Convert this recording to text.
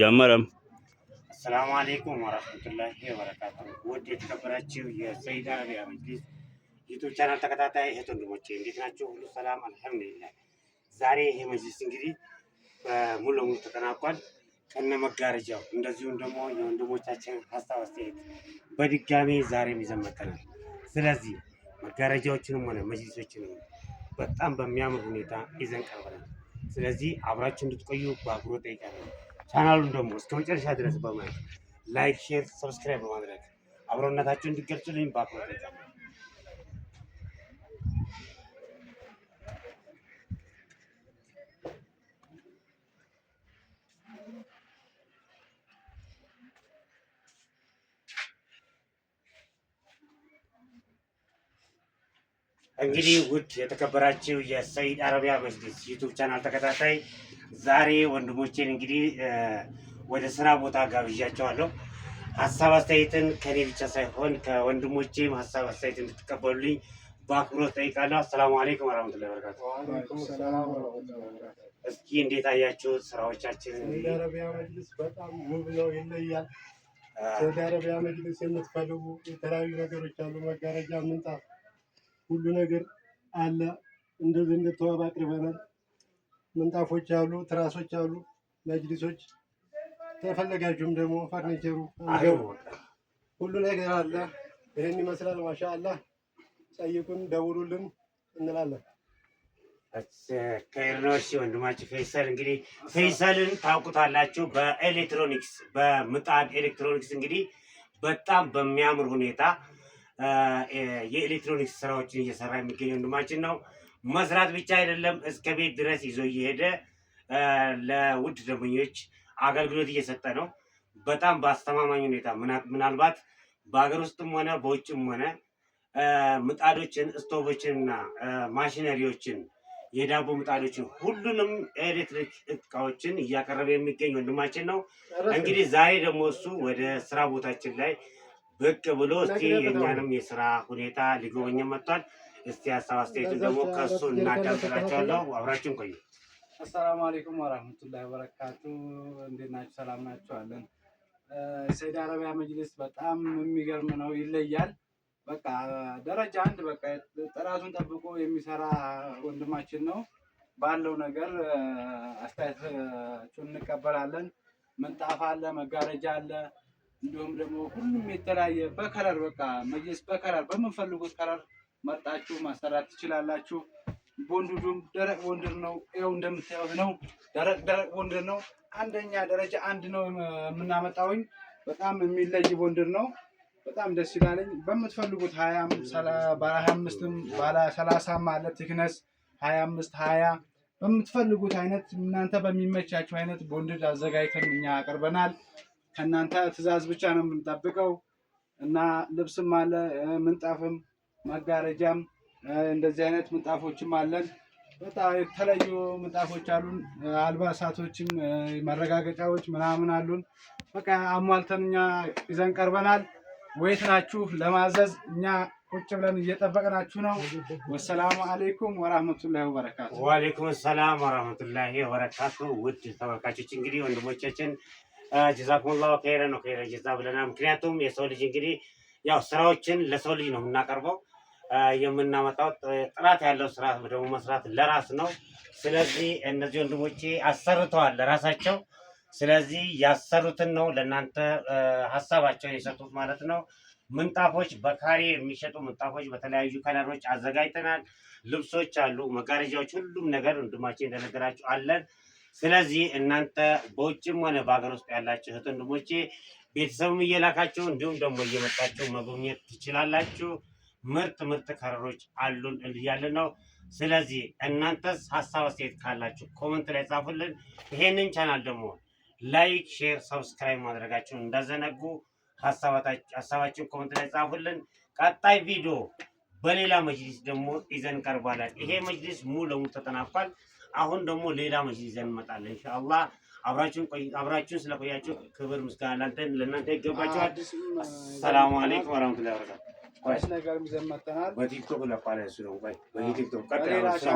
ጀመረም። አሰላሙ አሌይኩም ወረህመቱላሂ ወበረካቱ። ውድ የተከበራችሁ የሰይድ አረቢያ መጅሊስ ዩቱብ ቻናል ተከታታይ እህት ወንድሞቼ እንዴት ናቸው? ሁሉ ሰላም አልሐምዱሊላህ። ዛሬ ይሄ መጅሊስ እንግዲህ ሙሉ ለሙሉ ተጠናቋል ከነ መጋረጃው። እንደዚሁም ደግሞ የወንድሞቻችን ሀሳብ አስተያየት በድጋሜ ዛሬም ይዘን መጥተናል። ስለዚህ መጋረጃዎችንም ሆነ መጅሊሶችንም በጣም በሚያምር ሁኔታ ይዘን ቀርበናል። ስለዚህ አብራችሁ እንድትቆዩ በአክብሮ ጠይቃለሁ። ቻናሉን ደግሞ እስከ መጨረሻ ድረስ በማየት ላይክ፣ ሼር፣ ሰብስክራይብ በማድረግ አብሮነታችሁ እንዲገልጹልኝ በአክብሮ ጠይቃለሁ። እንግዲህ ውድ የተከበራችሁ የሰይድ አረቢያ መጅሊስ ዩቱብ ቻናል ተከታታይ ዛሬ ወንድሞቼን እንግዲህ ወደ ስራ ቦታ ጋብዣቸዋለሁ። ሀሳብ አስተያየትን ከኔ ብቻ ሳይሆን ከወንድሞቼም ሀሳብ አስተያየት እንድትቀበሉልኝ በአክብሮት ጠይቃለሁ። አሰላሙ አለይኩም ወረመቱላ በረካቱ። እስኪ እንዴት አያችሁ ስራዎቻችን? አረቢያ መጅሊስ በጣም ውብ ነው፣ ይለያል። ሰውዲ አረቢያ መጅሊስ የምትፈልጉ የተለያዩ ነገሮች አሉ፣ መጋረጃ፣ ምንጣፍ ሁሉ ነገር አለ። እንደዚህ እንደተዋብ አቅርበናል። ምንጣፎች አሉ፣ ትራሶች አሉ፣ መጅሊሶች ተፈለጋችሁም ደግሞ ፈርኒቸሩ ሁሉ ነገር አለ። ይህን ይመስላል። ማሻ አላህ ጠይቁን፣ ደውሉልን እንላለን። ከኤርኖሽ ወንድማችን ፌይሰል እንግዲህ ፌይሰልን ታውቁታላችሁ። በኤሌክትሮኒክስ በምጣድ ኤሌክትሮኒክስ እንግዲህ በጣም በሚያምር ሁኔታ የኤሌክትሮኒክስ ስራዎችን እየሰራ የሚገኝ ወንድማችን ነው። መስራት ብቻ አይደለም እስከ ቤት ድረስ ይዞ እየሄደ ለውድ ደንበኞች አገልግሎት እየሰጠ ነው። በጣም በአስተማማኝ ሁኔታ ምናልባት በሀገር ውስጥም ሆነ በውጭም ሆነ ምጣዶችን፣ ስቶቮችንና ማሽነሪዎችን የዳቦ ምጣዶችን ሁሉንም ኤሌክትሪክ እቃዎችን እያቀረበ የሚገኝ ወንድማችን ነው። እንግዲህ ዛሬ ደግሞ እሱ ወደ ስራ ቦታችን ላይ ብቅ ብሎ እስቲ የእኛንም የስራ ሁኔታ ሊጎበኝ መጥቷል። እስቲ ሀሳብ አስተያየቱን ደግሞ ከሱ እናዳምጥላቸዋለሁ። አብራችን ቆዩ። አሰላሙ አሌይኩም ወራህመቱላሂ ወበረካቱ። እንዴት ናችሁ? ሰላም ናችኋለን? ሰይድ አረቢያ መጅሊስ በጣም የሚገርም ነው፣ ይለያል። በቃ ደረጃ አንድ በቃ ጥራቱን ጠብቆ የሚሰራ ወንድማችን ነው። ባለው ነገር አስተያየታችሁን እንቀበላለን። ምንጣፍ አለ፣ መጋረጃ አለ እንዲሁም ደግሞ ሁሉም የተለያየ በከለር በቃ መየስ በከለር በምንፈልጉት ከለር መርጣችሁ ማሰራት ትችላላችሁ። ቦንድዱም ደረቅ ቦንድር ነው። ይኸው እንደምታዩት ነው። ደረቅ ደረቅ ቦንድር ነው። አንደኛ ደረጃ አንድ ነው የምናመጣውኝ። በጣም የሚለይ ቦንድር ነው። በጣም ደስ ይላለኝ። በምትፈልጉት ሀያም ባለ ሀያ አምስትም ባለ ሰላሳም አለ ቴክነስ ሀያ አምስት ሀያ በምትፈልጉት አይነት እናንተ በሚመቻቸው አይነት ቦንድድ አዘጋጅተን እኛ አቅርበናል። ከእናንተ ትእዛዝ ብቻ ነው የምንጠብቀው እና ልብስም አለ፣ ምንጣፍም፣ መጋረጃም እንደዚህ አይነት ምንጣፎችም አለን። በጣም የተለያዩ ምንጣፎች አሉን። አልባሳቶችም፣ መረጋገጫዎች ምናምን አሉን። በቃ አሟልተን እኛ ይዘን ቀርበናል። ወይት ናችሁ ለማዘዝ እኛ ቁጭ ብለን እየጠበቅናችሁ ነው። ወሰላሙ አሌይኩም ወራህመቱላ ወበረካቱ። ወአሌይኩም ሰላም ወራህመቱላ ወበረካቱ። ውድ ተመልካቾች እንግዲህ ወንድሞቻችን ጀዛኩሙላሁ ኸይረን ነው ጀዛ ብለና። ምክንያቱም የሰው ልጅ እንግዲህ ያው ስራዎችን ለሰው ልጅ ነው የምናቀርበው የምናመጣው ጥራት ያለው ስራ ደግሞ መስራት ለራስ ነው። ስለዚህ እነዚህ ወንድሞቼ አሰርተዋል ለራሳቸው። ስለዚህ ያሰሩትን ነው ለእናንተ ሀሳባቸውን የሰጡት ማለት ነው። ምንጣፎች በካሬ የሚሸጡ ምንጣፎች በተለያዩ ከለሮች አዘጋጅተናል። ልብሶች አሉ፣ መጋረጃዎች፣ ሁሉም ነገር ወንድማቸው እንደነገራችሁ አለን። ስለዚህ እናንተ በውጭም ሆነ በሀገር ውስጥ ያላችሁ እህት ወንድሞቼ ቤተሰቡም እየላካችሁ እንዲሁም ደግሞ እየመጣችሁ መጎብኘት ትችላላችሁ። ምርጥ ምርጥ ከረሮች አሉን እያልን ነው። ስለዚህ እናንተስ ሀሳብ አስተያየት ካላችሁ ኮመንት ላይ ጻፉልን። ይሄንን ቻናል ደግሞ ላይክ፣ ሼር፣ ሰብስክራይብ ማድረጋችሁን እንዳዘነጉ ሀሳባችሁን ኮመንት ላይ ጻፉልን። ቀጣይ ቪዲዮ በሌላ መጅሊስ ደግሞ ይዘን ቀርባለን። ይሄ መጅሊስ ሙሉ ለሙሉ ተጠናቋል። አሁን ደግሞ ሌላ መጅሊስ ይዘን እንመጣለን ኢንሻአላህ። አብራችሁን ቆይ አብራችሁን ስለቆያችሁ ክብር ምስጋና ለእናንተ ለእናንተ ይገባችኋል። ሰላም አለይኩም ወራህመቱላሂ ወበረካቱ። ቆይ ነገር ይዘን መጣናል። በቲክቶክ ለቋለ እሱ ነው። ቆይ በቲክቶክ ቀጥታ